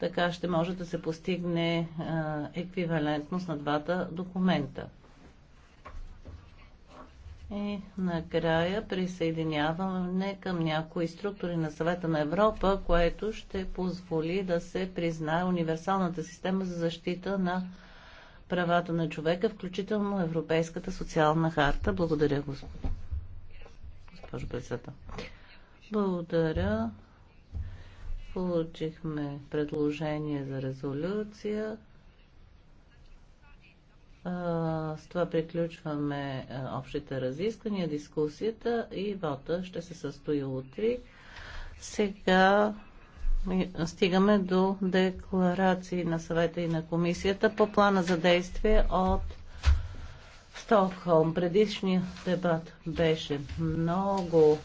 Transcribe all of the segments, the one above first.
Така ще може да се постигне еквивалентност на двата документа. И накрая присъединяваме към някои структури на съвета на Европа, което ще позволи да се признае универсалната система за защита на правата на човека, включително Европейската социална харта. Благодаря, госпожо председател. Благодаря. Получихме предложение за резолюция. С това приключваме общите разисквания, дискусията и вота ще се състои утре. Сега стигаме до декларации на съвета и на комисията по плана за действие от Стокхолм. Предишният дебат беше много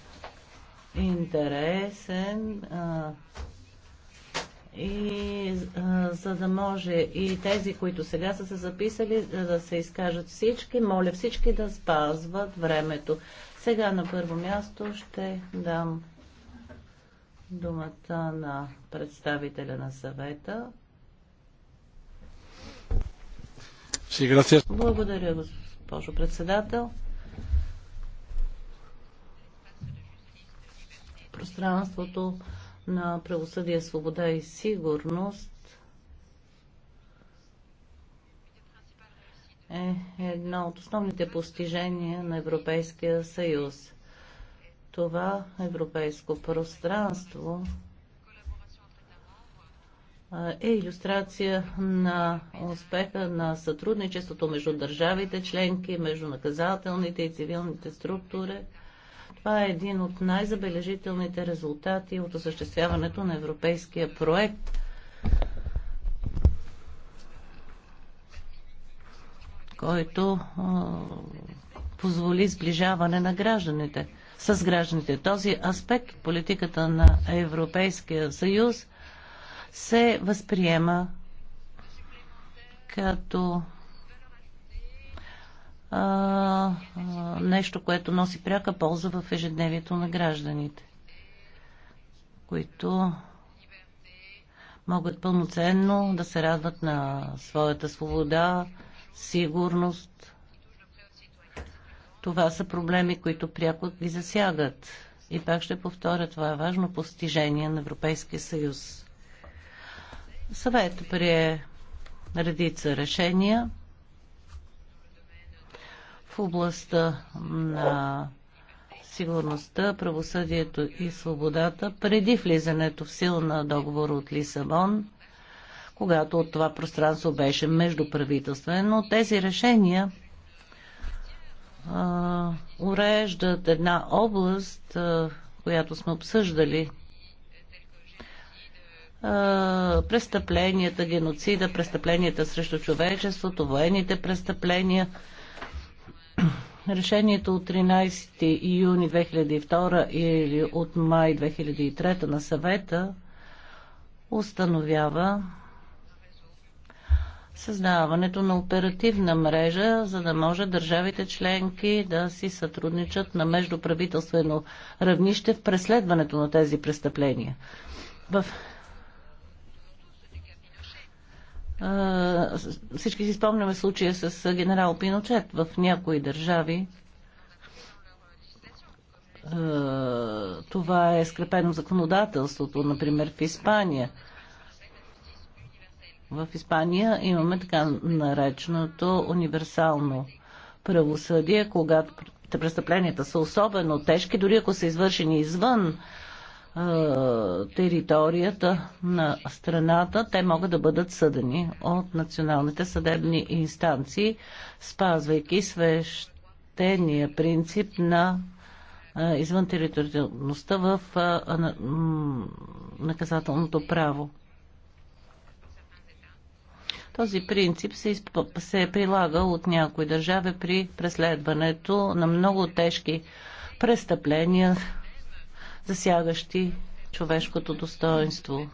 интересен и а, за да може и тези, които сега са се записали, да, да се изкажат всички, моля всички да спазват времето. Сега на първо място ще дам думата на представителя на съвета. Благодаря, госпожо председател. Пространството на правосъдие, свобода и сигурност е едно от основните постижения на Европейския съюз. Това европейско пространство е иллюстрация на успеха на сътрудничеството между държавите членки, между наказателните и цивилните структури – това е един от най-забележителните резултати от осъществяването на европейския проект. който а, позволи сближаване на гражданите с гражданите. Този аспект от политиката на Европейския съюз се възприема като а, а, нещо, което носи пряка полза в ежедневието на гражданите, които могат пълноценно да се радват на своята свобода, сигурност. Това са проблеми, които пряко ги засягат. И пак ще повторя, това е важно постижение на Европейския съюз. Съвет прие редица решения в областта на сигурността, правосъдието и свободата преди влизането в сила на договор от Лисабон, когато от това пространство беше междуправителствено. Тези решения а, уреждат една област, а, която сме обсъждали престъпленията, геноцида, престъпленията срещу човечеството, военните престъпления – Решението от 13 юни 2002 или от май 2003 на съвета установява създаването на оперативна мрежа, за да може държавите членки да си сътрудничат на междуправителствено равнище в преследването на тези престъпления. В всички си спомняме случая с генерал Пиночет в някои държави. Това е скрепено законодателството, например в Испания. В Испания имаме така нареченото универсално правосъдие, когато престъпленията са особено тежки, дори ако са извършени извън е, територията на страната, те могат да бъдат съдени от националните съдебни инстанции, спазвайки свещения принцип на е, извън териториалността в е, наказателното право. Този принцип се, изп... се от някои държави при преследването на много тежки престъпления засягащи човешкото достоинство.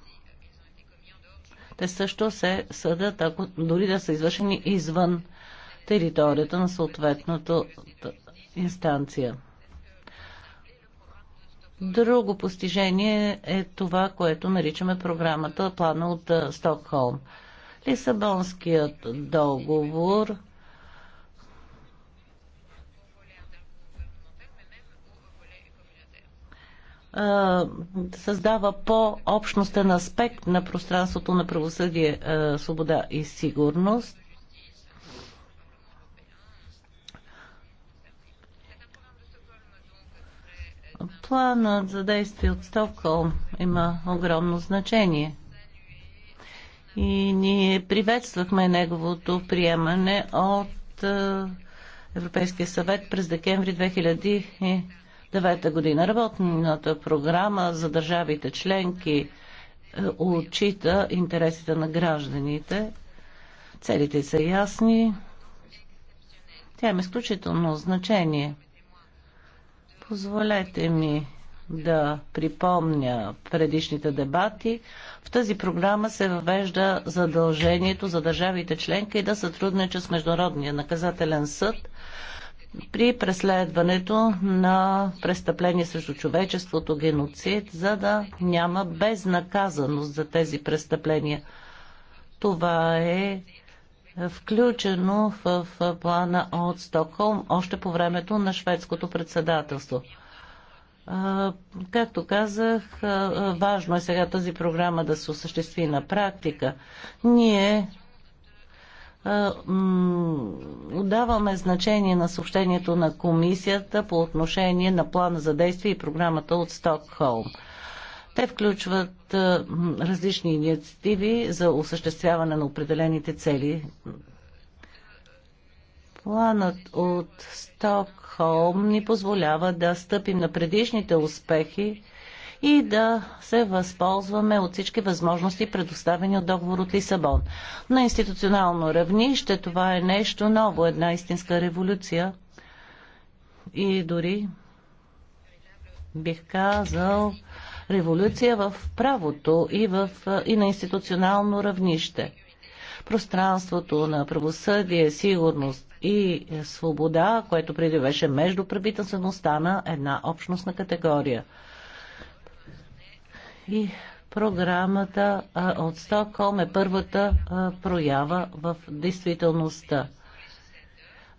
Те също се съдят, ако дори да са извършени извън територията на съответната инстанция. Друго постижение е това, което наричаме програмата Плана от Стокхолм. Лисабонският договор създава по-общностен аспект на пространството на правосъдие, свобода и сигурност. Планът за действие от Стокхолм има огромно значение. И ние приветствахме неговото приемане от Европейския съвет през декември 2000 Девета година. Работната програма за държавите членки е, отчита интересите на гражданите. Целите са ясни. Тя има изключително значение. Позволете ми да припомня предишните дебати. В тази програма се въвежда задължението за държавите членки да сътрудничат с Международния наказателен съд при преследването на престъпления срещу човечеството, геноцид, за да няма безнаказаност за тези престъпления. Това е включено в плана от Стокхолм още по времето на шведското председателство. Както казах, важно е сега тази програма да се осъществи на практика. Ние отдаваме значение на съобщението на комисията по отношение на плана за действие и програмата от Стокхолм. Те включват различни инициативи за осъществяване на определените цели. Планът от Стокхолм ни позволява да стъпим на предишните успехи и да се възползваме от всички възможности, предоставени от договор от Лисабон. На институционално равнище това е нещо ново, една истинска революция и дори бих казал революция в правото и, в, и на институционално равнище. Пространството на правосъдие, сигурност и свобода, което преди беше между правителствено, стана една общностна категория – и програмата а, от Стокхолм е първата а, проява в действителността.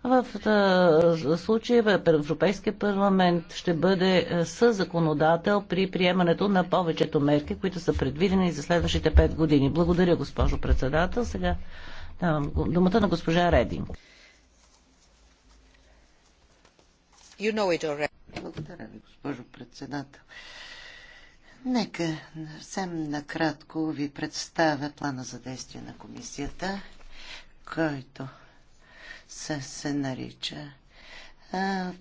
В случая в Европейския парламент ще бъде съзаконодател при приемането на повечето мерки, които са предвидени за следващите 5 години. Благодаря, госпожо председател. Сега давам думата на госпожа Рединг. You know Благодаря ви, госпожо председател. Нека съвсем накратко ви представя плана за действие на комисията, който се, се нарича а,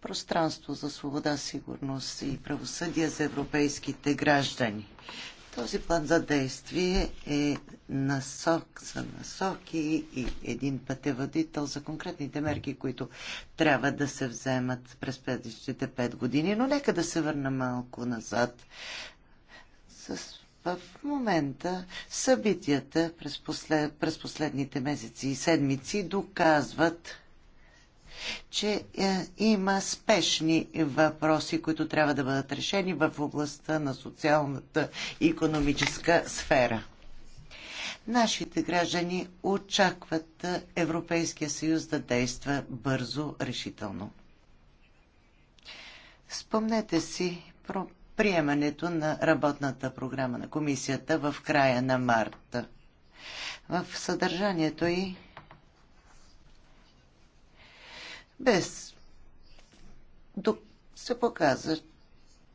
пространство за свобода, сигурност и правосъдие за европейските граждани. Този план за действие е насок за насоки и един пътеводител за конкретните мерки, които трябва да се вземат през следващите пет години. Но нека да се върна малко назад. С в момента събитията през, послед, през последните месеци и седмици доказват, че е, има спешни въпроси, които трябва да бъдат решени в областта на социалната и економическа сфера. Нашите граждани очакват Европейския съюз да действа бързо, решително. Спомнете си про приемането на работната програма на комисията в края на марта. В съдържанието й без се показа,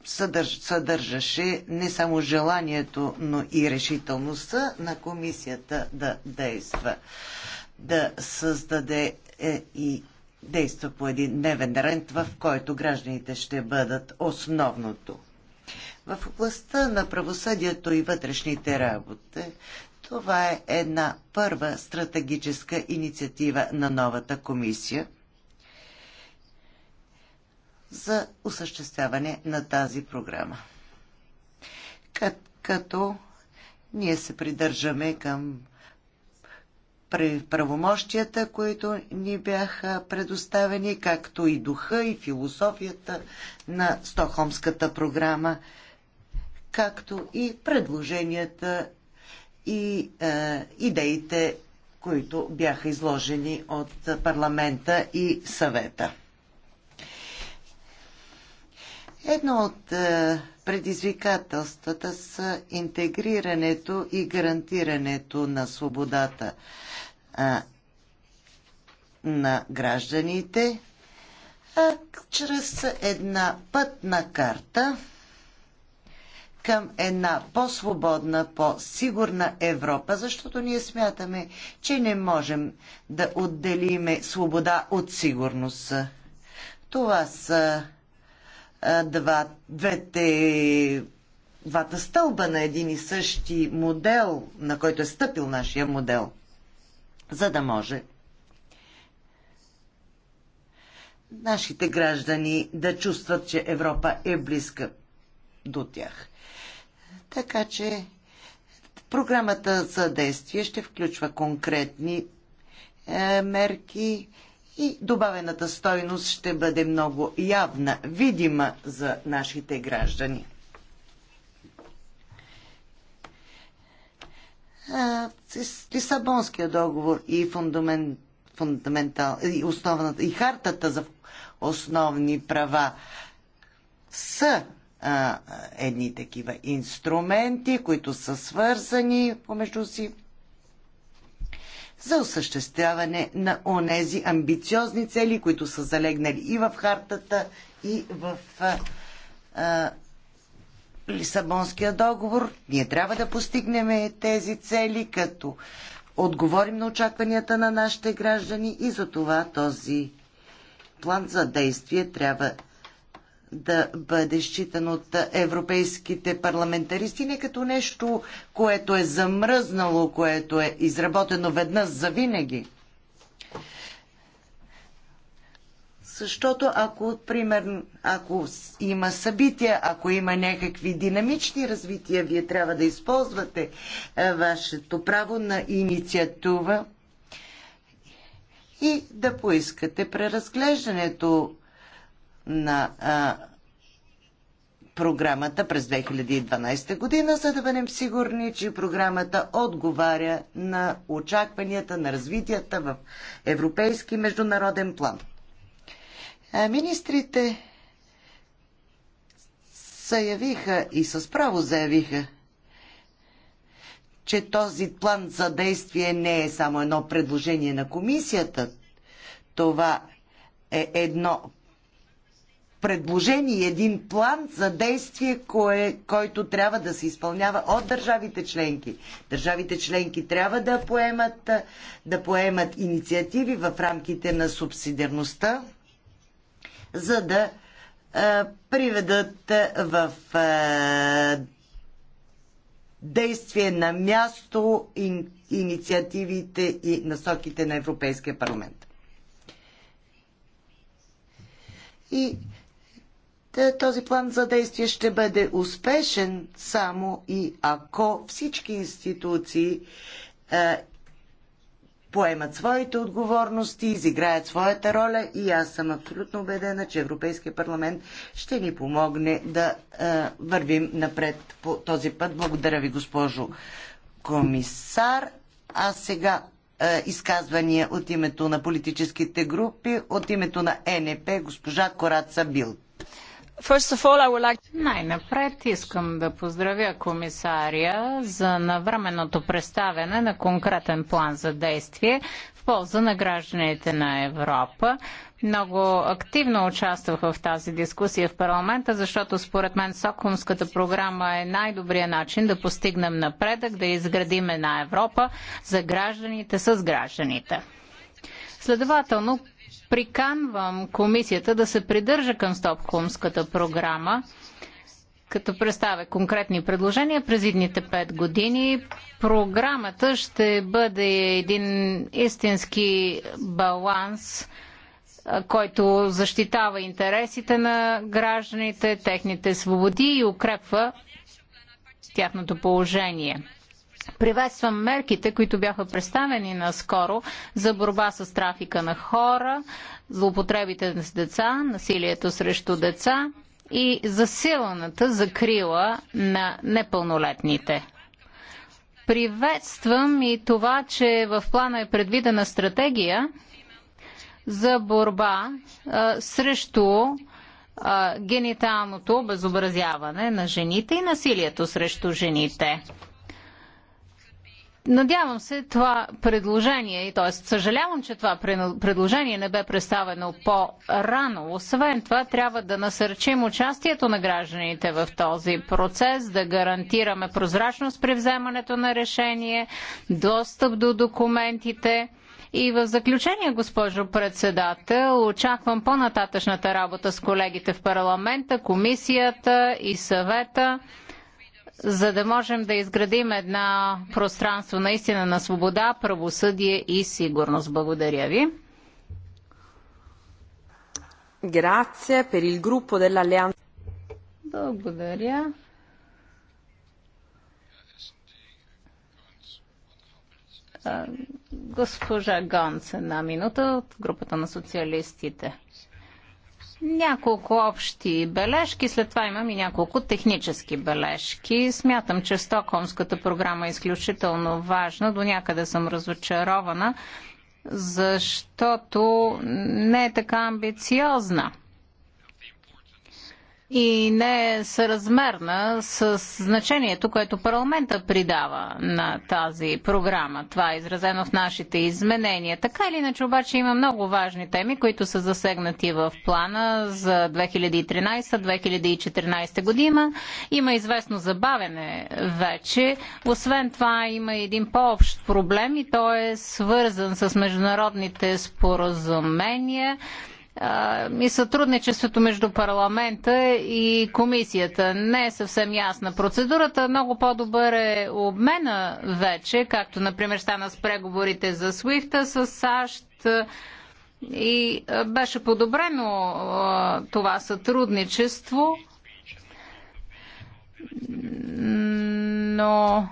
съдърж, съдържаше не само желанието, но и решителността на комисията да действа, да създаде е, и действа по един дневен рент, в който гражданите ще бъдат основното. В областта на правосъдието и вътрешните работи това е една първа стратегическа инициатива на новата комисия – за осъществяване на тази програма. Кът, като ние се придържаме към правомощията, които ни бяха предоставени, както и духа и философията на Стохомската програма, както и предложенията и е, идеите, които бяха изложени от парламента и съвета. Едно от е, предизвикателствата са интегрирането и гарантирането на свободата на гражданите чрез една пътна карта към една по-свободна, по-сигурна Европа, защото ние смятаме, че не можем да отделиме свобода от сигурност. Това са два, двете, двата стълба на един и същи модел, на който е стъпил нашия модел, за да може нашите граждани да чувстват, че Европа е близка до тях. Така че програмата за действие ще включва конкретни е, мерки и добавената стойност ще бъде много явна, видима за нашите граждани. Лисабонския договор и фундамент, фундаментал, и, основната, и хартата за основни права са а, едни такива инструменти, които са свързани помежду си за осъществяване на онези амбициозни цели, които са залегнали и в хартата, и в а, а, Лисабонския договор. Ние трябва да постигнем тези цели, като отговорим на очакванията на нашите граждани и за това този план за действие трябва да бъде считан от европейските парламентаристи не като нещо, което е замръзнало, което е изработено веднъж за винаги. Защото ако, примерно, ако има събития, ако има някакви динамични развития, вие трябва да използвате е, вашето право на инициатива и да поискате преразглеждането на а, програмата през 2012 година, за да бъдем сигурни, че програмата отговаря на очакванията на развитията в европейски международен план. А министрите заявиха и с право заявиха, че този план за действие не е само едно предложение на комисията. Това е едно предложение, един план за действие, кое, който трябва да се изпълнява от държавите членки. Държавите членки трябва да поемат, да поемат инициативи в рамките на субсидиарността, за да а, е, приведат в а, е, действие на място ин, инициативите и насоките на Европейския парламент. И е, този план за действие ще бъде успешен само и ако всички институции е, поемат своите отговорности, изиграят своята роля и аз съм абсолютно убедена, че Европейския парламент ще ни помогне да е, вървим напред по този път. Благодаря ви, госпожо комисар. А сега е, изказвания от името на политическите групи, от името на НП, госпожа Кораца Билт. Най-напред искам да поздравя комисария за навременното представяне на конкретен план за действие в полза на гражданите на Европа. Много активно участвах в тази дискусия в парламента, защото според мен Сокхумската програма е най-добрият начин да постигнем напредък, да изградим една Европа за гражданите с гражданите. Следователно, приканвам комисията да се придържа към Стокхолмската програма, като представя конкретни предложения през идните пет години. Програмата ще бъде един истински баланс който защитава интересите на гражданите, техните свободи и укрепва тяхното положение. Приветствам мерките, които бяха представени наскоро за борба с трафика на хора, злоупотребите с деца, насилието срещу деца и засиланата закрила на непълнолетните. Приветствам и това, че в плана е предвидена стратегия за борба а, срещу а, гениталното обезобразяване на жените и насилието срещу жените. Надявам се това предложение, т.е. съжалявам, че това предложение не бе представено по-рано. Освен това, трябва да насърчим участието на гражданите в този процес, да гарантираме прозрачност при вземането на решение, достъп до документите. И в заключение, госпожо председател, очаквам по-нататъчната работа с колегите в парламента, комисията и съвета за да можем да изградим една пространство наистина на свобода, правосъдие и сигурност. Благодаря ви. Благодаря. Госпожа Ганс, една минута от групата на социалистите. Няколко общи бележки, след това имам и няколко технически бележки. Смятам, че Стокхолмската програма е изключително важна. До някъде съм разочарована, защото не е така амбициозна и не е съразмерна с значението, което парламента придава на тази програма. Това е изразено в нашите изменения. Така или иначе обаче има много важни теми, които са засегнати в плана за 2013-2014 година. Има известно забавене вече. Освен това има един по-общ проблем и той е свързан с международните споразумения и сътрудничеството между парламента и комисията. Не е съвсем ясна процедурата. Много по-добър е обмена вече, както например стана с преговорите за Свифта с САЩ и беше подобрено това сътрудничество. Но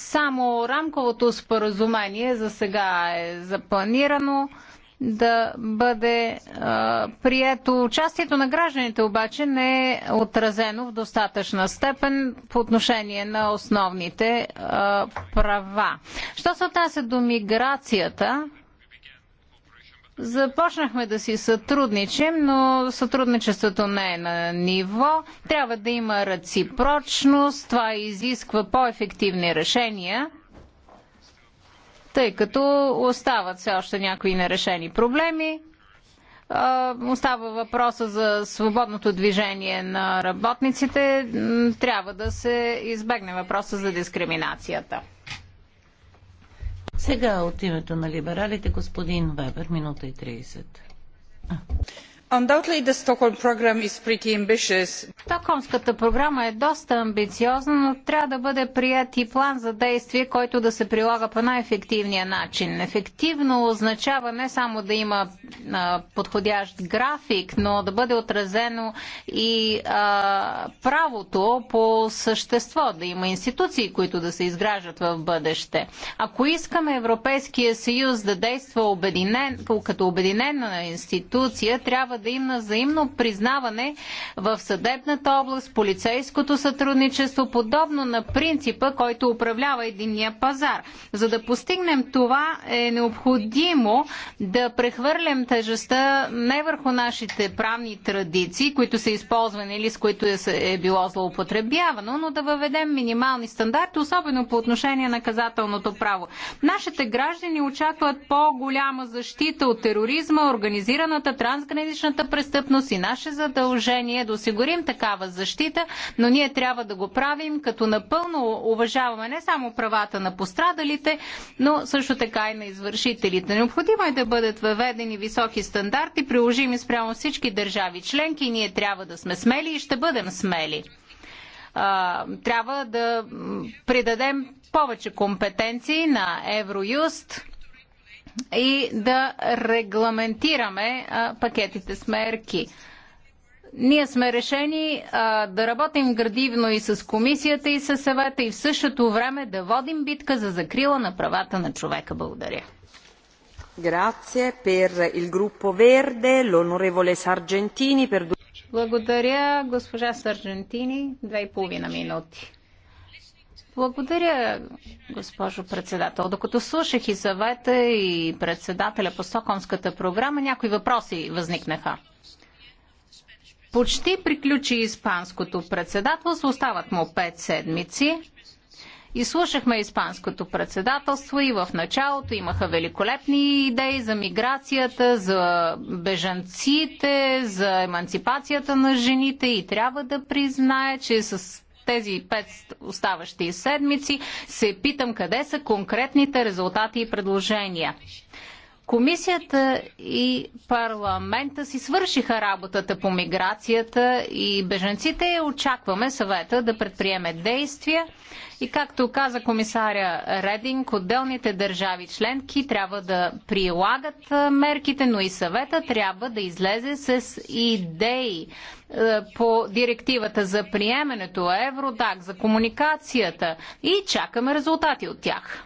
Само рамковото споразумение за сега е запланирано да бъде а, прието. Участието на гражданите обаче не е отразено в достатъчна степен по отношение на основните а, права. Що се отнася до миграцията, Започнахме да си сътрудничим, но сътрудничеството не е на ниво. Трябва да има реципрочност, това изисква по-ефективни решения, тъй като остават все още някои нерешени проблеми. Остава въпроса за свободното движение на работниците. Трябва да се избегне въпроса за дискриминацията. Сега от името на либералите господин Вебер, минута и 30. Стокхолмската програма е доста амбициозна, но трябва да бъде прият и план за действие, който да се прилага по най-ефективния начин. Ефективно означава не само да има а, подходящ график, но да бъде отразено и а, правото по същество, да има институции, които да се изграждат в бъдеще. Ако искаме Европейския съюз да действа обединен, като обединена институция, трябва да има взаимно признаване в съдебната област, полицейското сътрудничество, подобно на принципа, който управлява единния пазар. За да постигнем това е необходимо да прехвърлям тежестта не върху нашите правни традиции, които са използвани или с които е, е било злоупотребявано, но да въведем минимални стандарти, особено по отношение на наказателното право. Нашите граждани очакват по-голяма защита от тероризма, организираната трансгранична организираната престъпност и наше задължение е да осигурим такава защита, но ние трябва да го правим като напълно уважаваме не само правата на пострадалите, но също така и на извършителите. Необходимо е да бъдат въведени високи стандарти, приложими спрямо всички държави членки и ние трябва да сме смели и ще бъдем смели трябва да придадем повече компетенции на Евроюст и да регламентираме а, пакетите с мерки. Ние сме решени а, да работим градивно и с комисията, и с съвета, и в същото време да водим битка за закрила на правата на човека. Благодаря. Благодаря, госпожа Сарджентини. Две и половина минути. Благодаря, госпожо председател. Докато слушах и съвета и председателя по Стокомската програма, някои въпроси възникнаха. Почти приключи испанското председателство, остават му пет седмици. И слушахме испанското председателство и в началото имаха великолепни идеи за миграцията, за бежанците, за емансипацията на жените и трябва да призная, че с тези пет оставащи седмици, се питам къде са конкретните резултати и предложения. Комисията и парламента си свършиха работата по миграцията и беженците. Очакваме съвета да предприеме действия и както каза комисаря Рединг, отделните държави членки трябва да прилагат мерките, но и съвета трябва да излезе с идеи по директивата за приемането Евродак, за комуникацията и чакаме резултати от тях.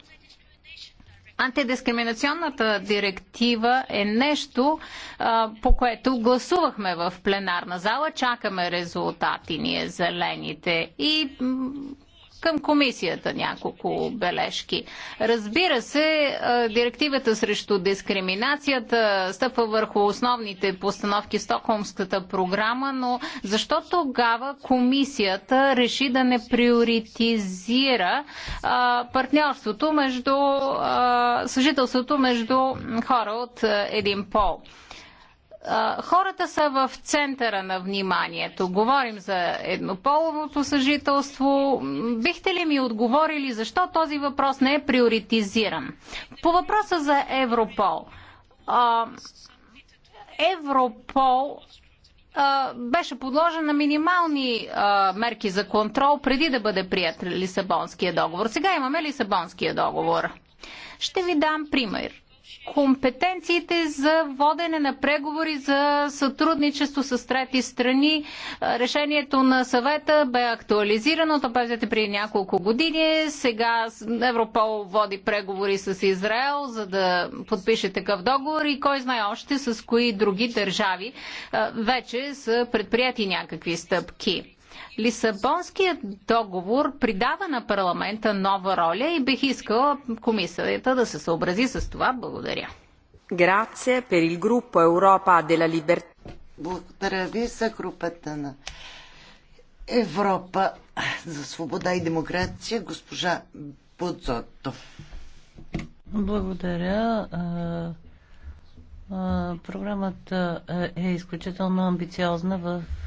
Антидискриминационната директива е нещо, а, по което гласувахме в пленарна зала. Чакаме резултати ние, зелените. И към комисията няколко бележки. Разбира се, директивата срещу дискриминацията стъпва върху основните постановки в Стокхолмската програма, но защо тогава комисията реши да не приоритизира партньорството между съжителството между хора от един пол? хората са в центъра на вниманието. Говорим за еднополовото съжителство. Бихте ли ми отговорили защо този въпрос не е приоритизиран? По въпроса за Европол. Европол беше подложен на минимални а, мерки за контрол преди да бъде прият Лисабонския договор. Сега имаме Лисабонския договор. Ще ви дам пример компетенциите за водене на преговори за сътрудничество с трети страни. Решението на съвета бе актуализирано, то пазете при няколко години. Сега Европол води преговори с Израел, за да подпише такъв договор и кой знае още с кои други държави вече са предприяти някакви стъпки. Лисабонският договор придава на парламента нова роля и бих искала комисията да се съобрази с това. Благодаря. Грация перил група Европа Europa della Благодаря ви за групата на Европа за свобода и демокрация, госпожа Подзото. Благодаря. Програмата е изключително амбициозна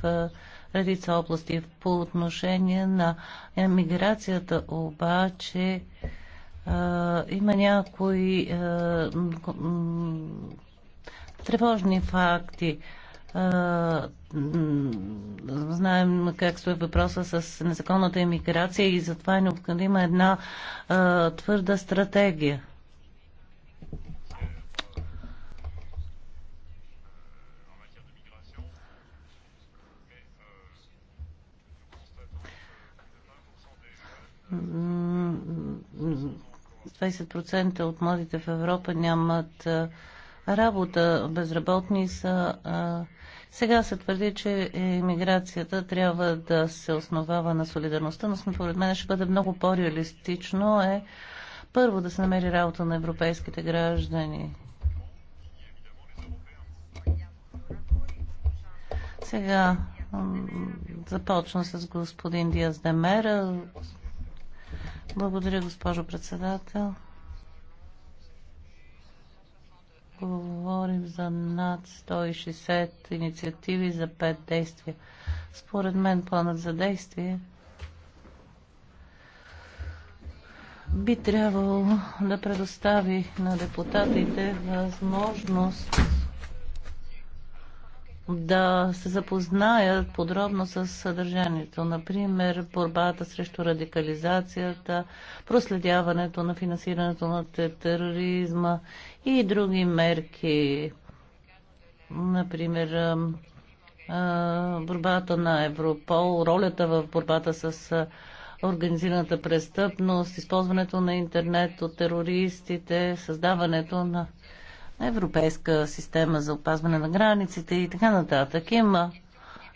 в редица области. По отношение на миграцията обаче е, има някои е, тревожни факти. Е, знаем как стои въпроса с незаконната иммиграция и затова е необходима една твърда стратегия. 20% от младите в Европа нямат работа, безработни са. Сега се твърди, че иммиграцията трябва да се основава на солидарността, но според мен ще бъде много по-реалистично е първо да се намери работа на европейските граждани. Сега започна с господин Диаз Демера, благодаря, госпожо председател. Говорим за над 160 инициативи за 5 действия. Според мен планът за действие би трябвало да предостави на депутатите възможност да се запознаят подробно с съдържанието, например борбата срещу радикализацията, проследяването на финансирането на тероризма и други мерки, например борбата на Европол, ролята в борбата с организираната престъпност, използването на интернет от терористите, създаването на европейска система за опазване на границите и така нататък. Има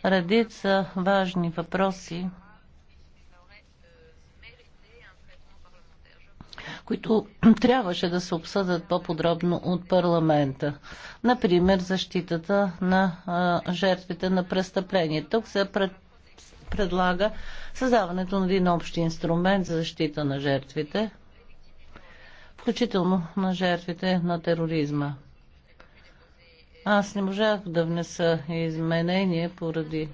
редица важни въпроси, които трябваше да се обсъдят по-подробно от парламента. Например, защитата на жертвите на престъпление. Тук се пред, предлага създаването на един общ инструмент за защита на жертвите, включително на жертвите на тероризма. Аз не можах да внеса изменение поради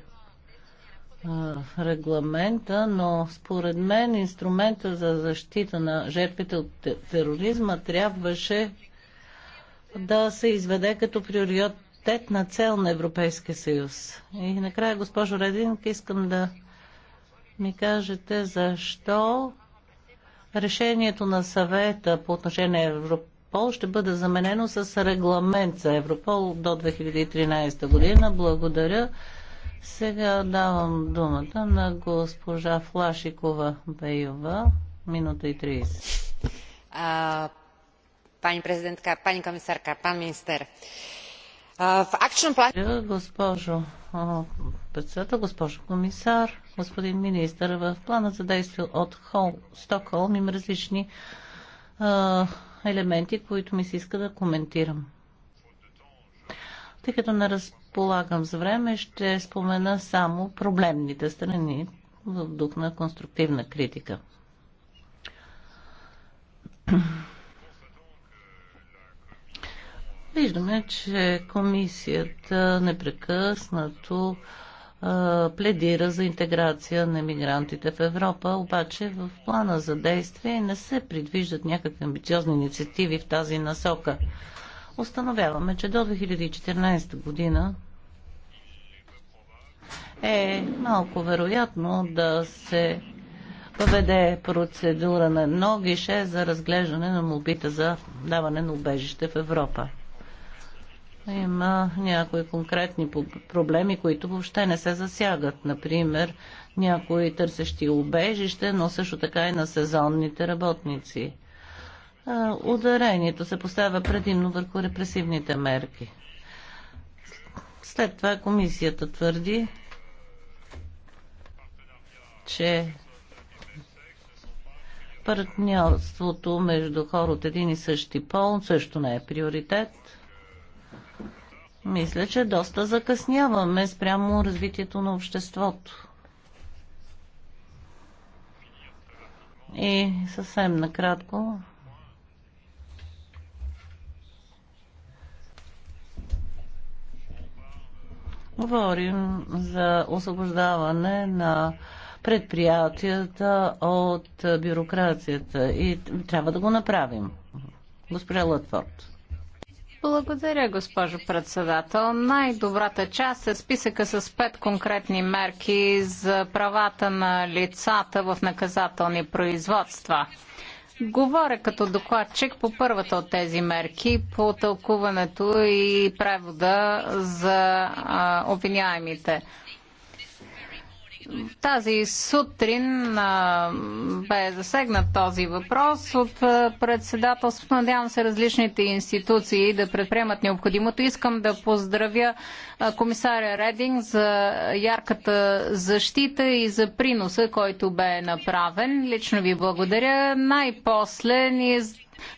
регламента, но според мен инструмента за защита на жертвите от тероризма трябваше да се изведе като приоритет на цел на Европейския съюз. И накрая, госпожо Редин, искам да ми кажете защо решението на съвета по отношение на Европол ще бъде заменено с регламент за Европол до 2013 година. Благодаря. Сега давам думата на госпожа Флашикова Бейова. Минута и 30. А, пани президентка, пани комисарка, пан министър. А, в акчен план... Госпожо председател, госпожо комисар, господин министър. В плана за действие от Хол, Стокхолм има различни а, елементи, които ми се иска да коментирам. Тъй като не разполагам с време, ще спомена само проблемните страни в дух на конструктивна критика. Виждаме, че комисията непрекъснато пледира за интеграция на мигрантите в Европа, обаче в плана за действие не се предвиждат някакви амбициозни инициативи в тази насока. Установяваме, че до 2014 година е малко вероятно да се въведе процедура на ноги ше за разглеждане на молбите за даване на убежище в Европа. Има някои конкретни проблеми, които въобще не се засягат. Например, някои търсещи убежище, но също така и на сезонните работници. Ударението се поставя предимно върху репресивните мерки. След това комисията твърди, че партньорството между хора от един и същи пол също не е приоритет – мисля, че доста закъсняваме спрямо развитието на обществото. И съвсем накратко. Говорим за освобождаване на предприятията от бюрокрацията и трябва да го направим. Госпожа Латфорд. Благодаря, госпожо председател. Най-добрата част е списъка с пет конкретни мерки за правата на лицата в наказателни производства. Говоря като докладчик по първата от тези мерки, по тълкуването и превода за а, обвиняемите. Тази сутрин а, бе засегнат този въпрос от председателството. Надявам се различните институции да предприемат необходимото. Искам да поздравя комисаря Рединг за ярката защита и за приноса, който бе направен. Лично ви благодаря. Най-после ни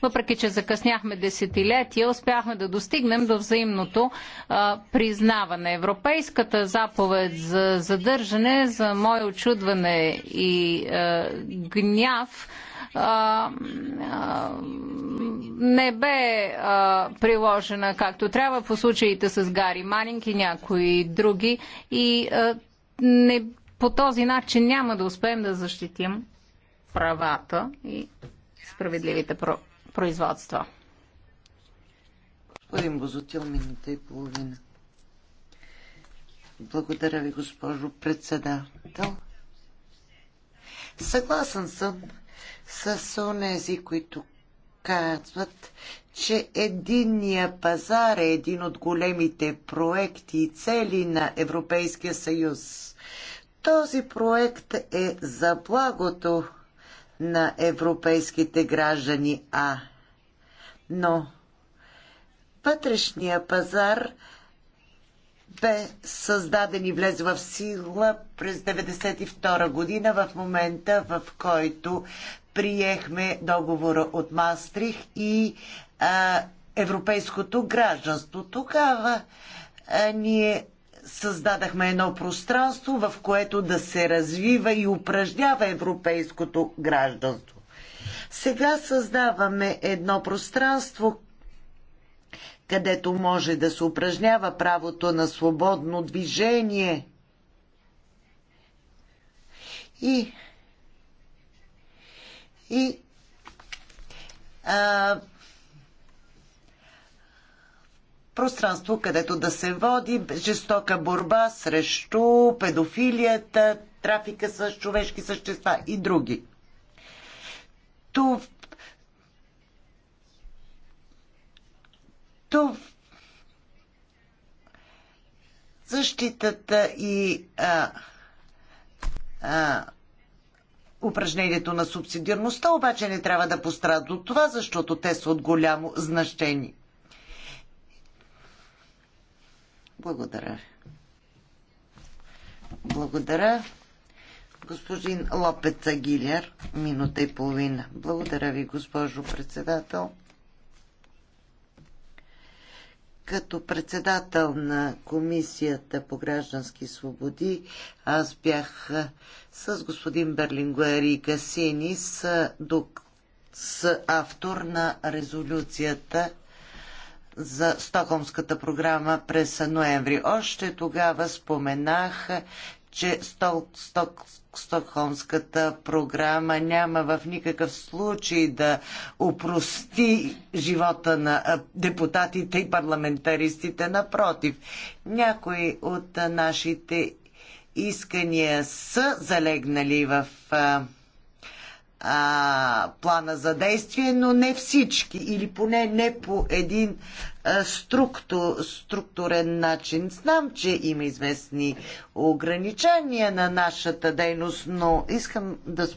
въпреки че закъсняхме десетилетия, успяхме да достигнем до взаимното а, признаване. Европейската заповед за задържане, за мое очудване и а, гняв, а, а, не бе а, приложена както трябва по случаите с Гари Манинг и някои други и а, не, по този начин няма да успеем да защитим правата и справедливите Производства. Господин Бозотил, минута и половина. Благодаря ви, госпожо председател. Съгласен съм с онези, които казват, че единния пазар е един от големите проекти и цели на Европейския съюз. Този проект е за благото на европейските граждани, а но вътрешния пазар бе създаден и влезе в сила през 1992 година, в момента в който приехме договора от Мастрих и а, европейското гражданство. Тогава а, ние създадахме едно пространство, в което да се развива и упражнява европейското гражданство. Сега създаваме едно пространство, където може да се упражнява правото на свободно движение и, и а, пространство, където да се води жестока борба срещу педофилията, трафика с човешки същества и други. То... То... Защитата и а, а, упражнението на субсидирността обаче не трябва да пострадат от това, защото те са от голямо значение. Благодаря. Благодаря. Господин Лопец Агилер, минута и половина. Благодаря ви, госпожо председател. Като председател на Комисията по граждански свободи, аз бях с господин Берлингуер и Касини с, с автор на резолюцията за Стокхолмската програма през ноември. Още тогава споменах, че Стокхолмската програма няма в никакъв случай да упрости живота на депутатите и парламентаристите. Напротив, някои от нашите искания са залегнали в а, плана за действие, но не всички, или поне не по един а, структу, структурен начин. Знам, че има известни ограничения на нашата дейност, но искам да,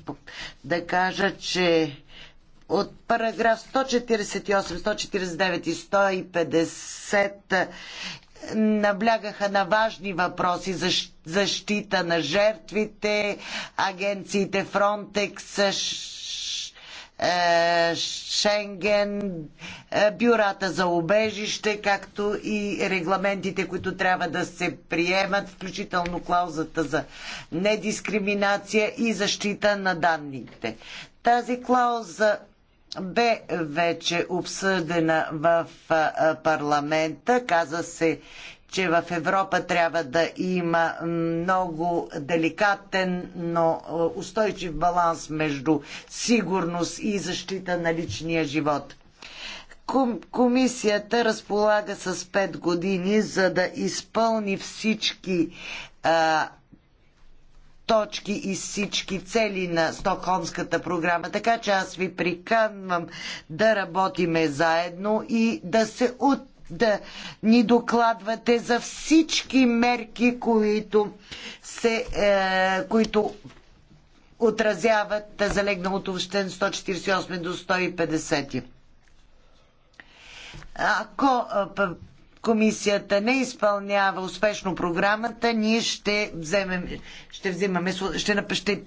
да кажа, че от параграф 148, 149 и 150 наблягаха на важни въпроси за защита на жертвите, агенциите Фронтекс, Шенген, е, бюрата за убежище, както и регламентите, които трябва да се приемат, включително клаузата за недискриминация и защита на данните. Тази клауза бе вече обсъдена в парламента. Каза се, че в Европа трябва да има много деликатен, но устойчив баланс между сигурност и защита на личния живот. Комисията разполага с 5 години, за да изпълни всички а, точки и всички цели на Стокхолмската програма. Така че аз ви приканвам да работиме заедно и да се от да ни докладвате за всички мерки, които, се, е, които отразяват залегналото в член 148 до 150. Ако е, комисията не изпълнява успешно програмата, ние ще вземем, ще взимаме, ще, ще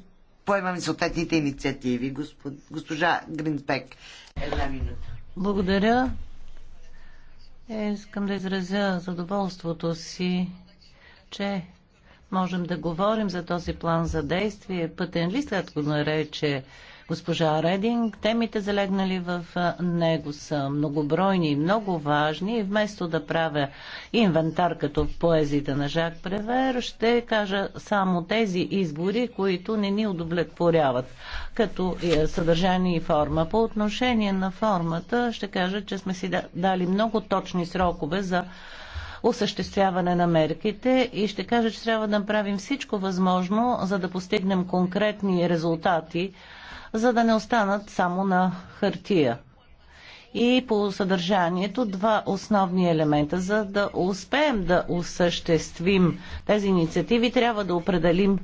поемаме съответните инициативи. Господ, госпожа Гринсбек, една минута. Благодаря. Е, искам да изразя задоволството си, че можем да говорим за този план за действие. Пътен лист, го нарече госпожа Рединг. Темите залегнали в него са многобройни и много важни и вместо да правя инвентар като в поезията на Жак Превер, ще кажа само тези избори, които не ни удовлетворяват като съдържание и форма. По отношение на формата ще кажа, че сме си дали много точни срокове за осъществяване на мерките и ще кажа, че трябва да направим всичко възможно, за да постигнем конкретни резултати за да не останат само на хартия. И по съдържанието два основни елемента. За да успеем да осъществим тези инициативи, трябва да определим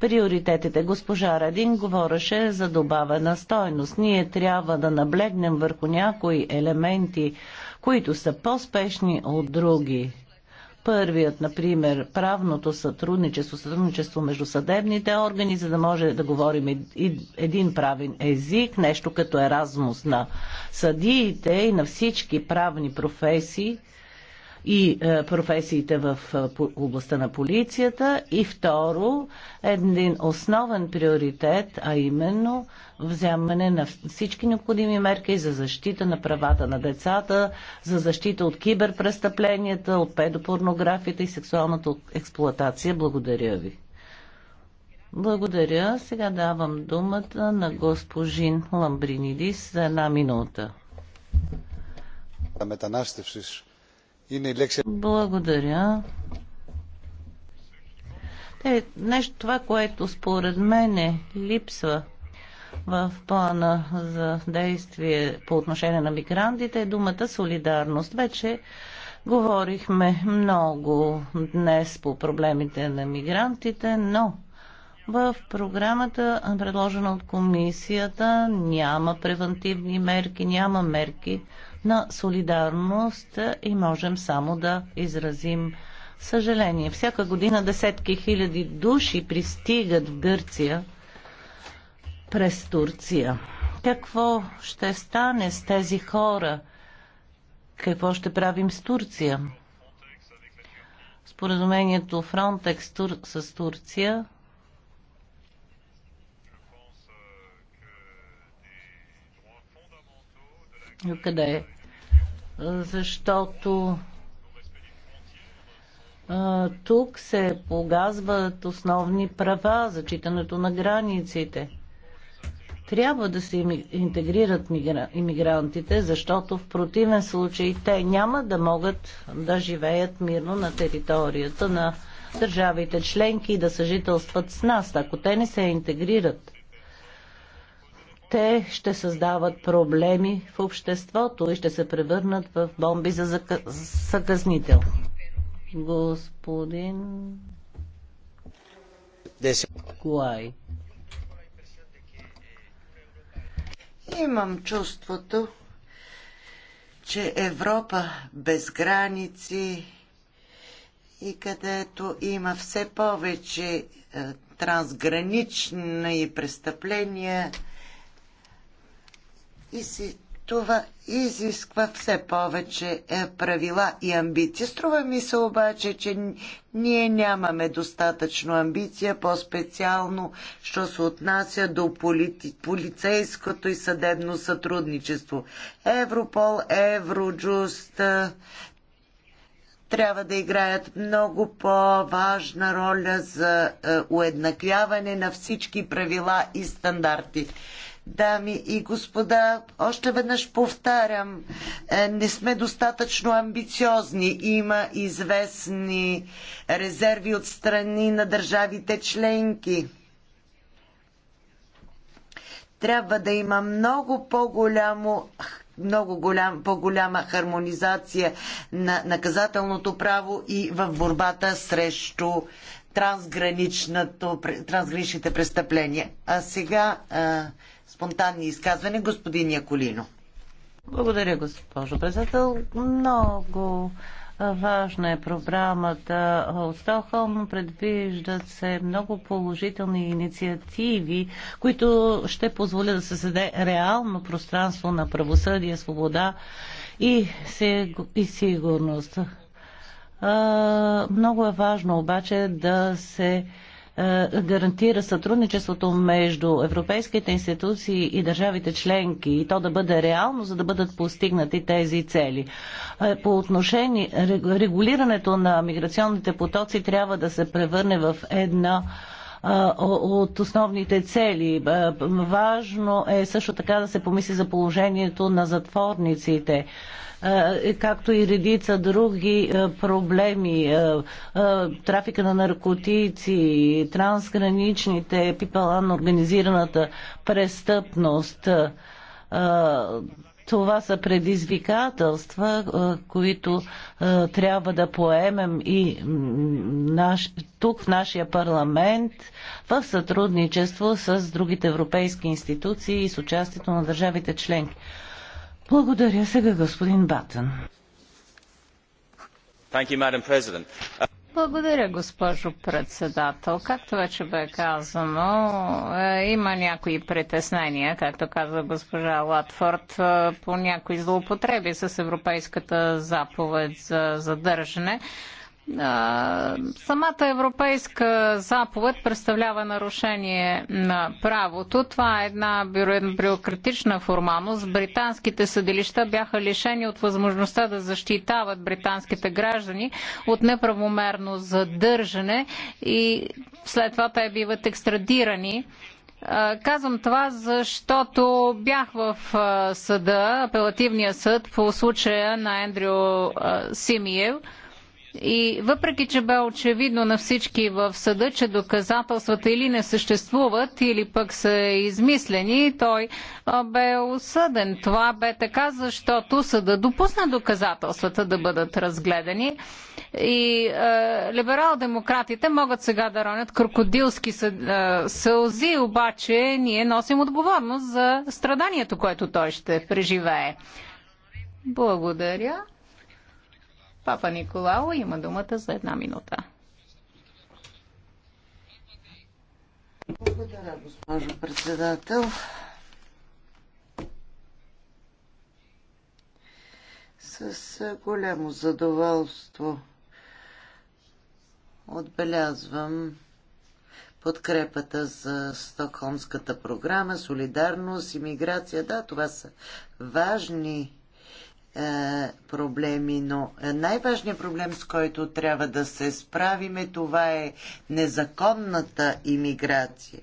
приоритетите. Госпожа Радин говореше за добавена стойност. Ние трябва да наблегнем върху някои елементи, които са по-спешни от други Първият, например, правното сътрудничество, сътрудничество между съдебните органи, за да може да говорим един правен език, нещо като еразмус на съдиите и на всички правни професии, и е, професиите в е, областта на полицията. И второ, един основен приоритет, а именно вземане на всички необходими мерки за защита на правата на децата, за защита от киберпрестъпленията, от педопорнографията и сексуалната експлоатация. Благодаря ви. Благодаря. Сега давам думата на госпожин Ламбринидис за една минута. Μετανάστευσης благодаря. Те, нещо това, което според мен е липсва в плана за действие по отношение на мигрантите е думата солидарност. Вече говорихме много днес по проблемите на мигрантите, но в програмата, предложена от комисията, няма превентивни мерки, няма мерки на солидарност и можем само да изразим съжаление. Всяка година десетки хиляди души пристигат в Гърция през Турция. Какво ще стане с тези хора? Какво ще правим с Турция? Споразумението Frontex тур... с Турция къде е? защото тук се погазват основни права, зачитането на границите. Трябва да се интегрират иммигрантите, защото в противен случай те няма да могат да живеят мирно на територията на държавите членки и да съжителстват с нас. Ако те не се интегрират, те ще създават проблеми в обществото и ще се превърнат в бомби за съказнител. Господин Куай. Имам чувството, че Европа без граници и където има все повече е, трансгранични престъпления, и си, това изисква все повече е, правила и амбиции. Струва ми се обаче, че ние нямаме достатъчно амбиция, по-специално, що се отнася до полити, полицейското и съдебно сътрудничество. Европол, Евроджуст е, трябва да играят много по-важна роля за е, уеднаквяване на всички правила и стандарти дами и господа, още веднъж повтарям, е, не сме достатъчно амбициозни. Има известни резерви от страни на държавите членки. Трябва да има много по-голямо много голям, по-голяма хармонизация на наказателното право и в борбата срещу трансграничните престъпления. А сега спонтанни изказване, Господин Яколино. Благодаря, госпожо председател. Много важна е програмата от Стохолм. Предвиждат се много положителни инициативи, които ще позволят да се създаде реално пространство на правосъдие, свобода и, и сигурност. Много е важно обаче да се е, гарантира сътрудничеството между европейските институции и държавите членки и то да бъде реално, за да бъдат постигнати тези цели. Е, по отношение регулирането на миграционните потоци трябва да се превърне в една е, от основните цели. Важно е също така да се помисли за положението на затворниците. Е, както и редица други проблеми. Трафика на наркотици, трансграничните пипала на организираната престъпност. Това са предизвикателства, които трябва да поемем и наш, тук в нашия парламент в сътрудничество с другите европейски институции и с участието на държавите членки. Благодаря сега господин Батън. Благодаря, госпожо председател. Както вече бе казано, е, има някои притеснения, както каза госпожа Латфорд, е, по някои злоупотреби с Европейската заповед за задържане самата европейска заповед представлява нарушение на правото. Това е една бюрократична формалност. Британските съдилища бяха лишени от възможността да защитават британските граждани от неправомерно задържане и след това те биват екстрадирани Казвам това, защото бях в съда, апелативния съд по случая на Ендрю Симиев. И въпреки, че бе очевидно на всички в съда, че доказателствата или не съществуват, или пък са измислени, той бе осъден. Това бе така, защото съда допусна доказателствата да бъдат разгледани. И е, либерал-демократите могат сега да ронят крокодилски сълзи, обаче ние носим отговорност за страданието, което той ще преживее. Благодаря. Папа Николао има думата за една минута. Благодаря, госпожо председател. С голямо задоволство отбелязвам подкрепата за Стокхолмската програма, солидарност, иммиграция. Да, това са важни е, проблеми, но най-важният проблем, с който трябва да се справиме, това е незаконната имиграция.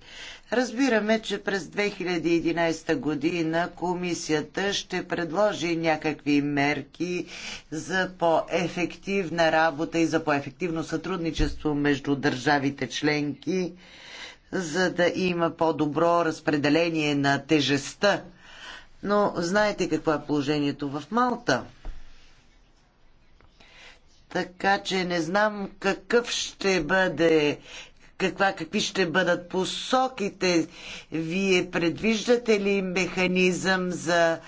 Разбираме, че през 2011 година комисията ще предложи някакви мерки за по-ефективна работа и за по-ефективно сътрудничество между държавите членки, за да има по-добро разпределение на тежестта но знаете какво е положението в Малта. Така че не знам какъв ще бъде каква, какви ще бъдат посоките. Вие предвиждате ли механизъм за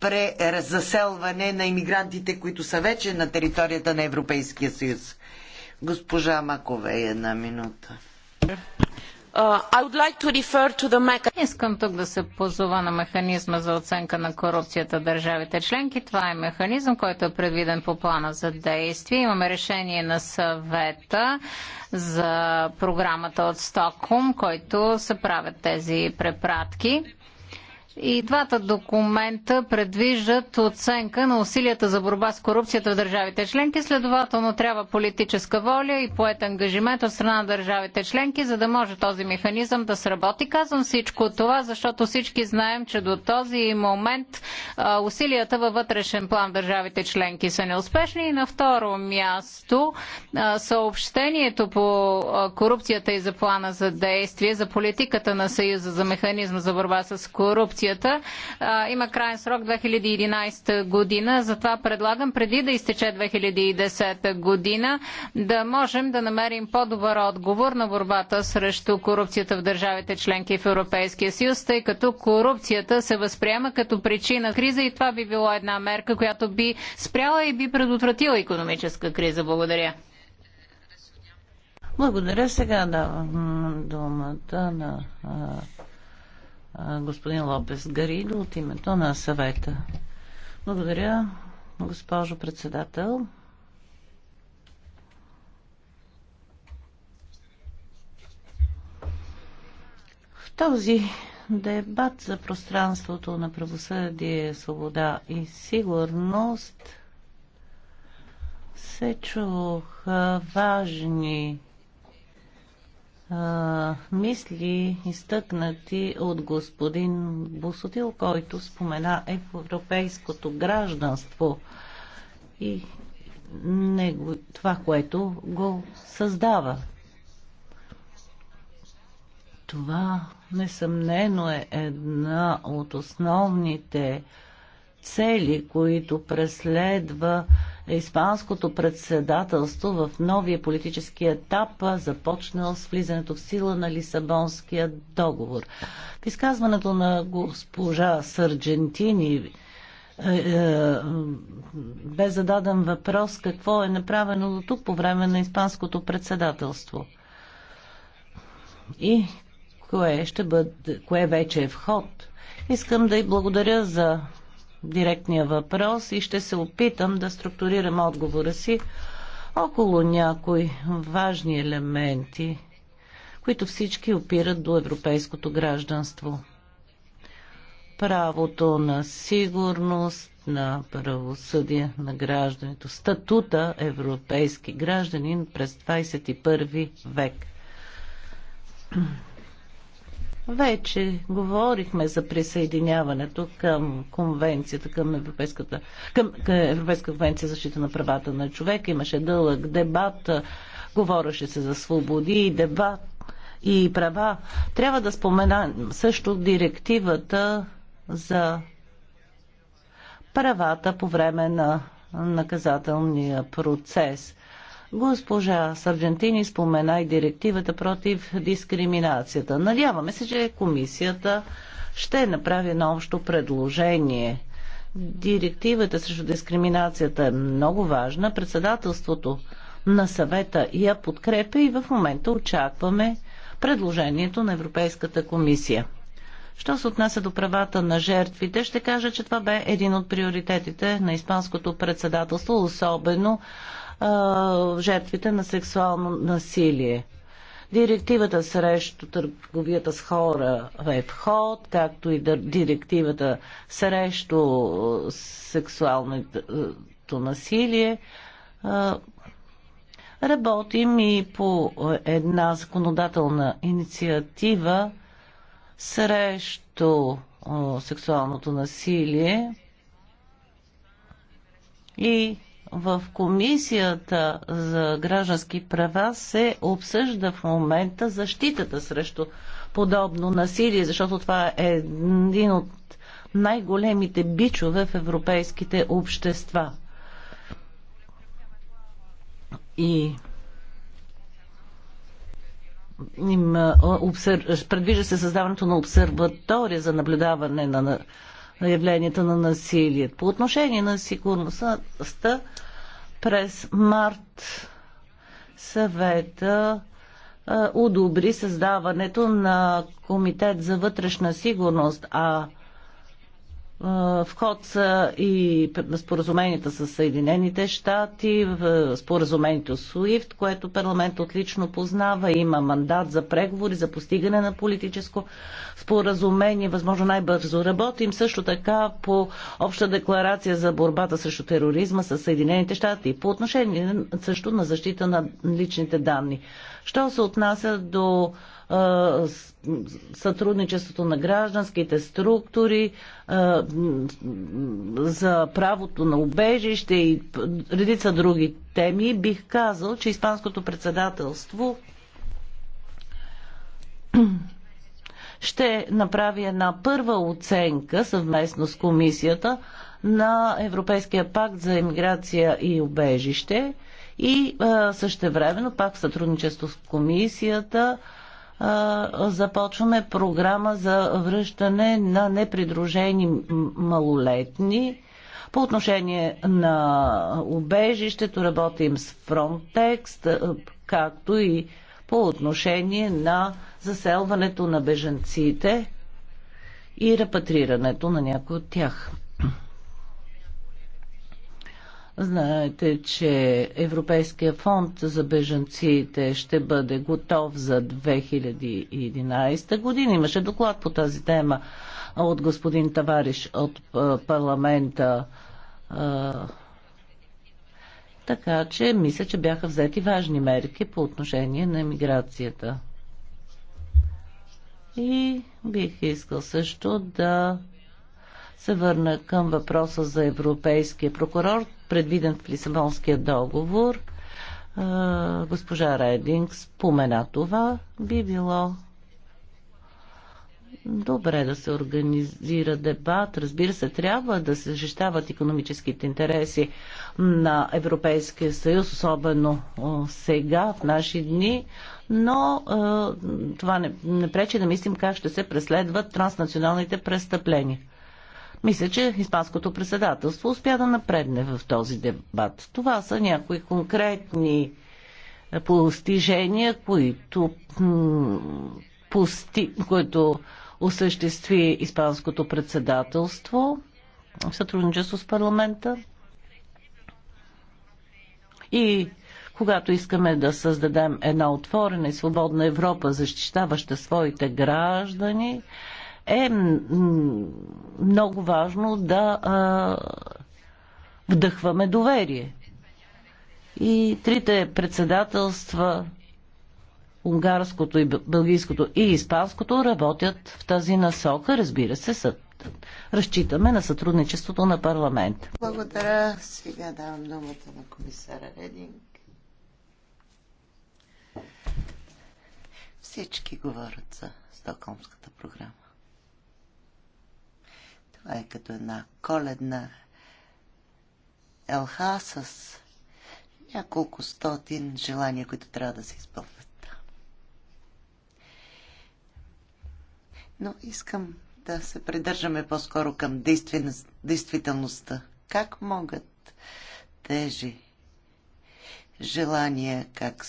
преразселване на иммигрантите, които са вече на територията на Европейския съюз? Госпожа Макове, една минута. Uh, Искам тук да се позова на механизма за оценка на корупцията държавите членки. Това е механизъм, който е предвиден по плана за действие. Имаме решение на съвета за програмата от Стокхолм, който се правят тези препратки. И двата документа предвиждат оценка на усилията за борба с корупцията в държавите членки. Следователно трябва политическа воля и поет ангажимент от страна на държавите членки, за да може този механизъм да сработи. Казвам всичко това, защото всички знаем, че до този момент усилията във вътрешен план в държавите членки са неуспешни. И на второ място съобщението по корупцията и за плана за действие, за политиката на Съюза за механизма за борба с корупцията комисията. А, има крайен срок 2011 година, затова предлагам преди да изтече 2010 година да можем да намерим по-добър отговор на борбата срещу корупцията в държавите членки в Европейския съюз, тъй като корупцията се възприема като причина криза и това би било една мерка, която би спряла и би предотвратила економическа криза. Благодаря. Благодаря. Сега давам думата на господин Лопес Гаридо от името на съвета. Благодаря, госпожо председател. В този дебат за пространството на правосъдие, свобода и сигурност се чуха важни мисли, изтъкнати от господин Бусотил, който спомена европейското гражданство и него, това, което го създава. Това несъмнено е една от основните цели, които преследва Испанското председателство в новия политически етап започнал с влизането в сила на Лисабонския договор. В изказването на госпожа Сърджентини е, е, бе зададен въпрос какво е направено до тук по време на Испанското председателство. И кое ще бъде, кое вече е вход, Искам да й благодаря за директния въпрос и ще се опитам да структурирам отговора си около някои важни елементи, които всички опират до европейското гражданство. Правото на сигурност, на правосъдие на гражданите, статута европейски гражданин през 21 век вече говорихме за присъединяването към конвенцията, към Европейската, към, към Европейска конвенция за защита на правата на човека. Имаше дълъг дебат, говореше се за свободи и дебат и права. Трябва да спомена също директивата за правата по време на наказателния процес – Госпожа Сарджентини спомена и директивата против дискриминацията. Надяваме се, че комисията ще направи едно общо предложение. Директивата срещу дискриминацията е много важна. Председателството на съвета я подкрепя и в момента очакваме предложението на Европейската комисия. Що се отнася до правата на жертвите, ще кажа, че това бе един от приоритетите на Испанското председателство, особено а, жертвите на сексуално насилие. Директивата срещу търговията с хора е вход, както и директивата срещу сексуалното насилие. Работим и по една законодателна инициатива срещу сексуалното насилие и в Комисията за граждански права се обсъжда в момента защитата срещу подобно насилие, защото това е един от най-големите бичове в европейските общества. И им, предвижда се създаването на обсерватория за наблюдаване на явленията на насилие. По отношение на сигурността, през март съвета одобри създаването на комитет за вътрешна сигурност, а в ход са и споразуменията с Съединените щати, споразумението с УИФТ, което парламент отлично познава. Има мандат за преговори, за постигане на политическо споразумение, възможно най-бързо. Работим също така по обща декларация за борбата срещу тероризма с Съединените щати по отношение също на защита на личните данни. Що се отнася до сътрудничеството на гражданските структури, за правото на убежище и редица други теми, бих казал, че Испанското председателство ще направи една първа оценка съвместно с комисията на Европейския пакт за емиграция и убежище и също времено пак в сътрудничество с комисията започваме програма за връщане на непридружени малолетни. По отношение на убежището работим с Frontex, както и по отношение на заселването на бежанците и репатрирането на някои от тях. Знаете, че Европейския фонд за бежанците ще бъде готов за 2011 година. Имаше доклад по тази тема от господин Тавариш от парламента. Така че мисля, че бяха взети важни мерки по отношение на миграцията. И бих искал също да се върна към въпроса за европейския прокурор предвиден в Лисабонския договор. Госпожа Рейдинг спомена това. Би било добре да се организира дебат. Разбира се, трябва да се защищават економическите интереси на Европейския съюз, особено сега, в наши дни, но това не, не пречи да мислим как ще се преследват транснационалните престъпления. Мисля, че Испанското председателство успя да напредне в този дебат. Това са някои конкретни е, постижения, които, пости, които осъществи Испанското председателство в сътрудничество с парламента. И когато искаме да създадем една отворена и свободна Европа, защищаваща своите граждани, е много важно да а, вдъхваме доверие. И трите председателства, унгарското и бългийското и испанското, работят в тази насока, разбира се, съд. Разчитаме на сътрудничеството на парламент. Благодаря. Сега давам думата на комисара Рединг. Всички говорят за Стокхолмската програма е като една коледна елха с няколко стотин желания, които трябва да се изпълнят. Но искам да се придържаме по-скоро към действителността. Как могат тежи желания, как,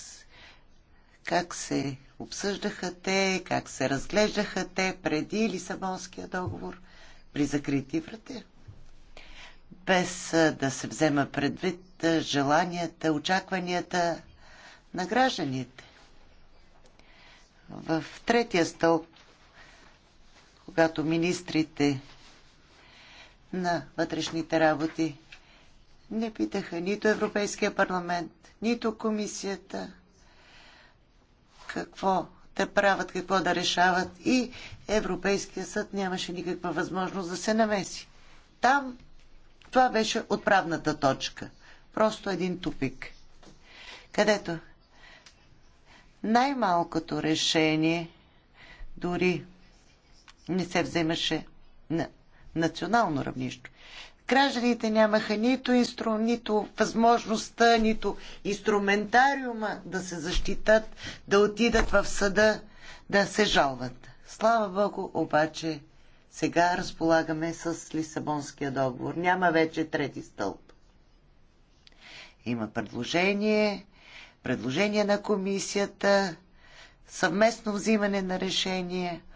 как се обсъждаха те, как се разглеждаха те преди Лисабонския договор при закрити врати, без да се взема предвид желанията, очакванията на гражданите. В третия стол, когато министрите на вътрешните работи не питаха нито Европейския парламент, нито комисията какво да правят какво да решават и Европейския съд нямаше никаква възможност да се намеси. Там това беше отправната точка. Просто един тупик. Където най-малкото решение дори не се вземаше на национално равнище гражданите нямаха нито, инстру, нито възможността, нито инструментариума да се защитат, да отидат в съда, да се жалват. Слава Богу, обаче сега разполагаме с Лисабонския договор. Няма вече трети стълб. Има предложение, предложение на комисията, съвместно взимане на решение –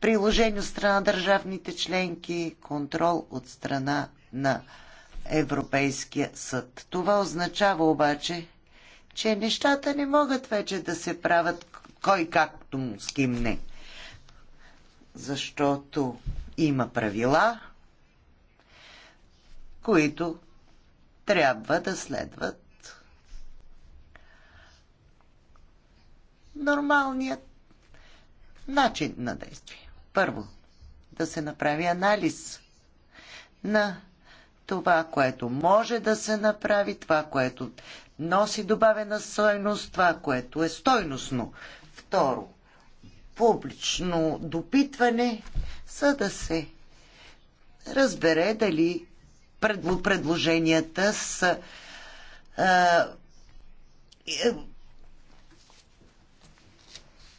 приложение от страна на държавните членки, контрол от страна на Европейския съд. Това означава обаче, че нещата не могат вече да се правят кой както му скимне. Защото има правила, които трябва да следват нормалният начин на действие. Първо, да се направи анализ на това, което може да се направи, това, което носи добавена стойност, това, което е стойностно. Второ, публично допитване, за да се разбере дали предложенията са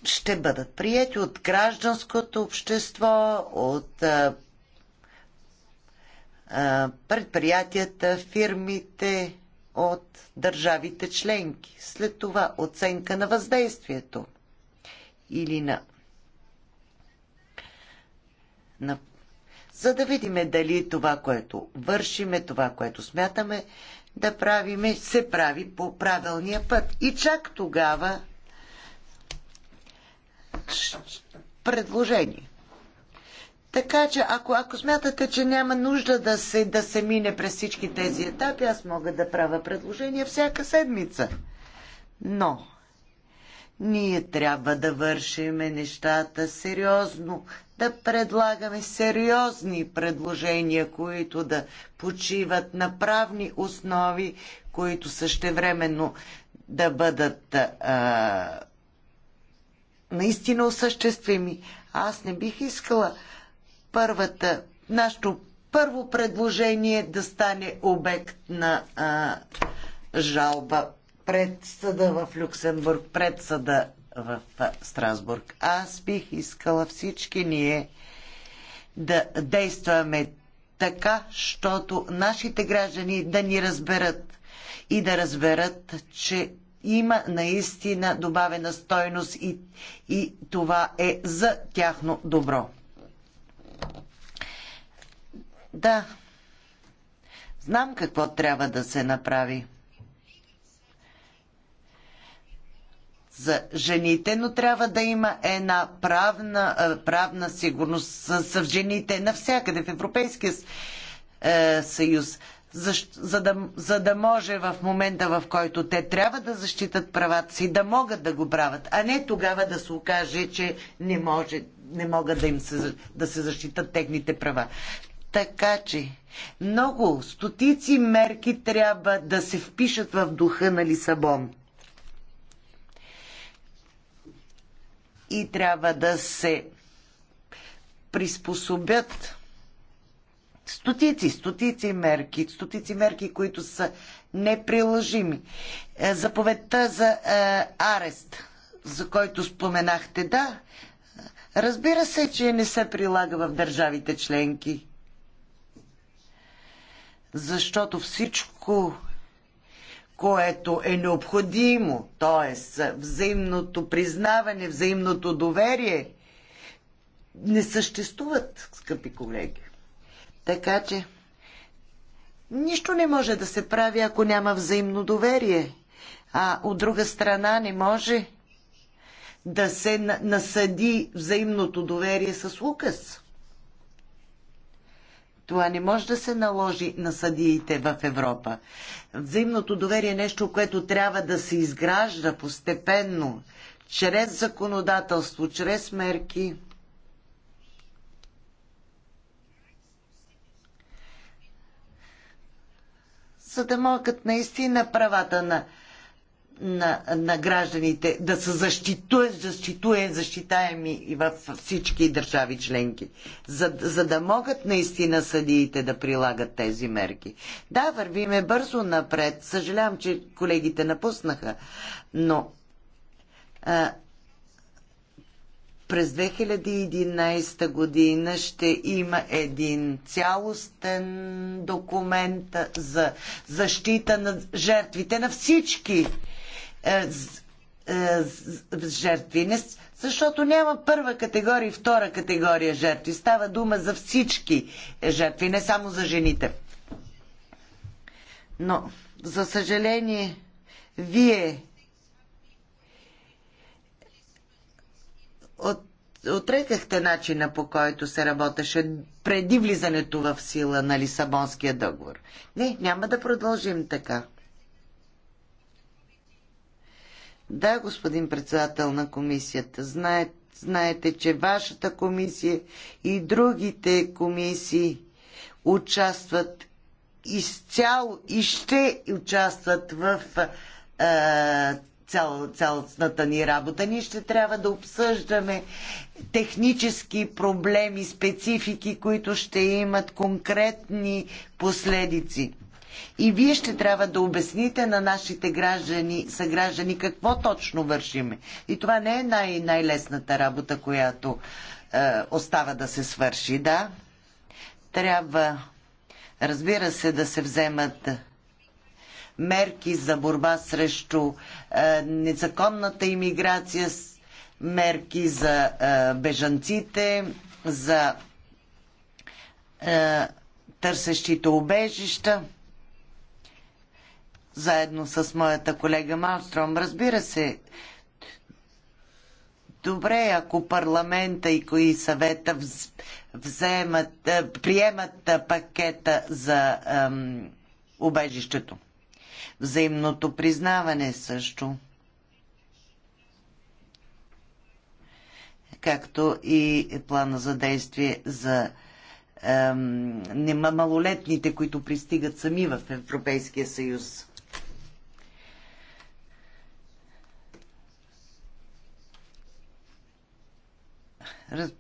ще бъдат прияти от гражданското общество, от а, а, предприятията, фирмите, от държавите членки. След това оценка на въздействието или на, на за да видим дали това, което вършиме, това, което смятаме да правиме, се прави по правилния път. И чак тогава предложение. Така че, ако, ако смятате, че няма нужда да се, да се мине през всички тези етапи, аз мога да правя предложения всяка седмица. Но, ние трябва да вършиме нещата сериозно, да предлагаме сериозни предложения, които да почиват на правни основи, които същевременно да бъдат а, наистина осъществими. Аз не бих искала първата, нашето първо предложение да стане обект на а, жалба пред съда в Люксембург, пред съда в Страсбург. Аз бих искала всички ние да действаме така, защото нашите граждани да ни разберат и да разберат, че има наистина добавена стойност и, и това е за тяхно добро. Да, знам какво трябва да се направи. за жените, но трябва да има една правна, правна сигурност с, с жените навсякъде в Европейския е, съюз за, за, да, за да може в момента, в който те трябва да защитат правата си, да могат да го правят, а не тогава да се окаже, че не, може, не могат да, им се, да се защитат техните права. Така че много, стотици мерки трябва да се впишат в духа на Лисабон. И трябва да се приспособят стотици, стотици мерки, стотици мерки, които са неприложими. Е, заповедта за е, арест, за който споменахте, да, разбира се, че не се прилага в държавите членки. Защото всичко, което е необходимо, т.е. взаимното признаване, взаимното доверие, не съществуват, скъпи колеги. Така че нищо не може да се прави, ако няма взаимно доверие. А от друга страна не може да се насъди взаимното доверие с указ. Това не може да се наложи на съдиите в Европа. Взаимното доверие е нещо, което трябва да се изгражда постепенно, чрез законодателство, чрез мерки. за да могат наистина правата на, на, на гражданите да са защитуе, защитуе, защитаеми и във всички държави членки, за, за да могат наистина съдиите да прилагат тези мерки. Да, вървиме бързо напред. Съжалявам, че колегите напуснаха, но а, през 2011 година ще има един цялостен документ за защита на жертвите, на всички е, е, жертви. защото няма първа категория и втора категория жертви. Става дума за всички жертви, не само за жените. Но, за съжаление, вие от, отрекахте начина по който се работеше преди влизането в сила на Лисабонския договор. Не, няма да продължим така. Да, господин председател на комисията, знаете, знаете, че вашата комисия и другите комисии участват изцяло и ще участват в е, цял, цялостната ни работа. Ние ще трябва да обсъждаме технически проблеми, специфики, които ще имат конкретни последици. И вие ще трябва да обясните на нашите граждани, съграждани какво точно вършиме. И това не е най- най-лесната работа, която е, остава да се свърши, да. Трябва, разбира се, да се вземат мерки за борба срещу е, незаконната иммиграция, мерки за е, бежанците, за е, търсещите убежища заедно с моята колега Малстром. Разбира се, добре, ако парламента и кои съвета вземат, приемат пакета за убежището взаимното признаване също. Както и плана за действие за ем, нема малолетните, които пристигат сами в Европейския съюз. Раз...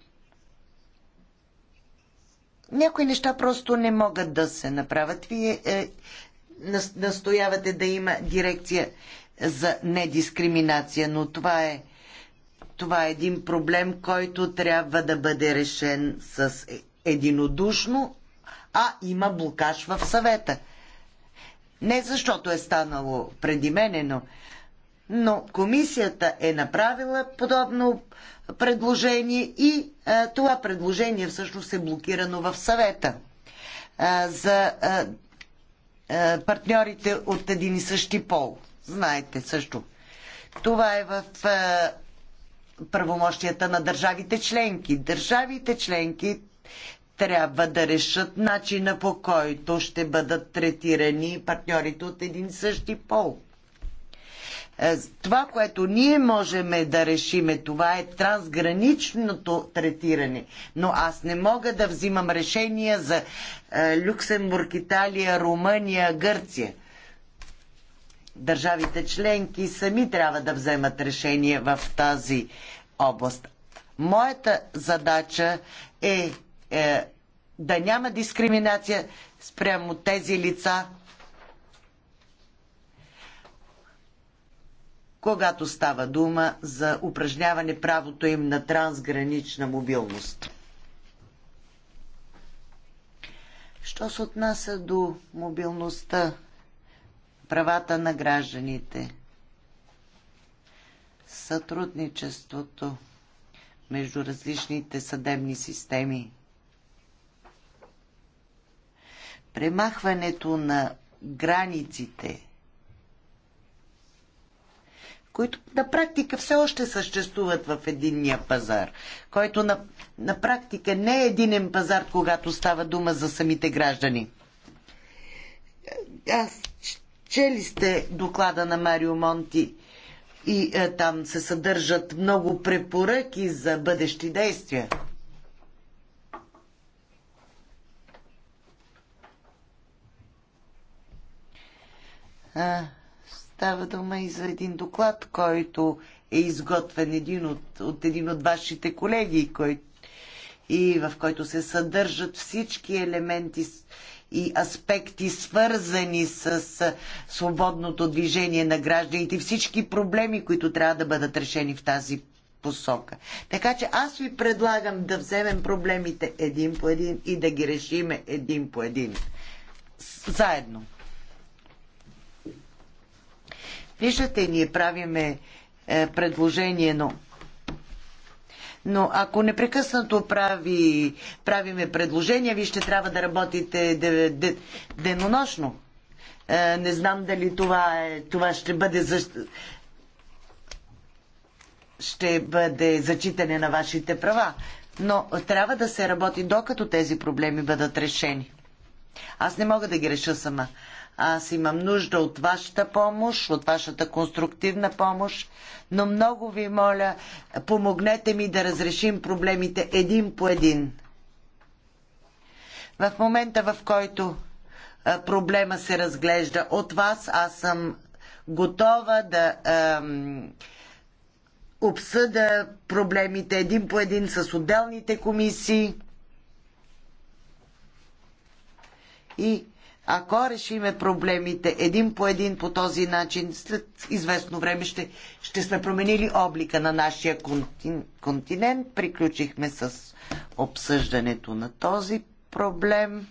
Някои неща просто не могат да се направят. Вие е, настоявате да има дирекция за недискриминация, но това е, това е един проблем, който трябва да бъде решен с е, единодушно, а има блокаж в съвета. Не защото е станало преди мене, но, но комисията е направила подобно предложение и а, е, това предложение всъщност е блокирано в съвета. А, е, за а, е, партньорите от един и същи пол. Знаете също. Това е в е, правомощията на държавите членки. Държавите членки трябва да решат начина по който ще бъдат третирани партньорите от един и същи пол. Е, това, което ние можем да решиме, това е трансграничното третиране. Но аз не мога да взимам решения за е, Люксембург, Италия, Румъния, Гърция. Държавите членки сами трябва да вземат решение в тази област. Моята задача е, е да няма дискриминация спрямо тези лица, когато става дума за упражняване правото им на трансгранична мобилност. Що се отнася до мобилността, правата на гражданите, сътрудничеството между различните съдебни системи, премахването на границите – които на практика все още съществуват в единния пазар, който на, на практика не е единен пазар, когато става дума за самите граждани. Аз чели сте доклада на Марио Монти и е, там се съдържат много препоръки за бъдещи действия. А, Става дума и за един доклад, който е изготвен един от, от един от вашите колеги, кой, и в който се съдържат всички елементи и аспекти, свързани с свободното движение на гражданите, всички проблеми, които трябва да бъдат решени в тази посока. Така че аз ви предлагам да вземем проблемите един по един и да ги решиме един по един. Заедно. Виждате, ние правиме е, предложение, но но ако непрекъснато прави, правиме предложения, вие ще трябва да работите денонощно. Е, не знам дали това, е, това ще бъде защ... ще бъде зачитане на вашите права. Но трябва да се работи докато тези проблеми бъдат решени. Аз не мога да ги реша сама. Аз имам нужда от вашата помощ, от вашата конструктивна помощ, но много ви моля, помогнете ми да разрешим проблемите един по един. В момента, в който проблема се разглежда от вас, аз съм готова да ем, обсъда проблемите един по един с отделните комисии и ако решиме проблемите един по един по този начин, след известно време ще, ще сме променили облика на нашия континент. Приключихме с обсъждането на този проблем.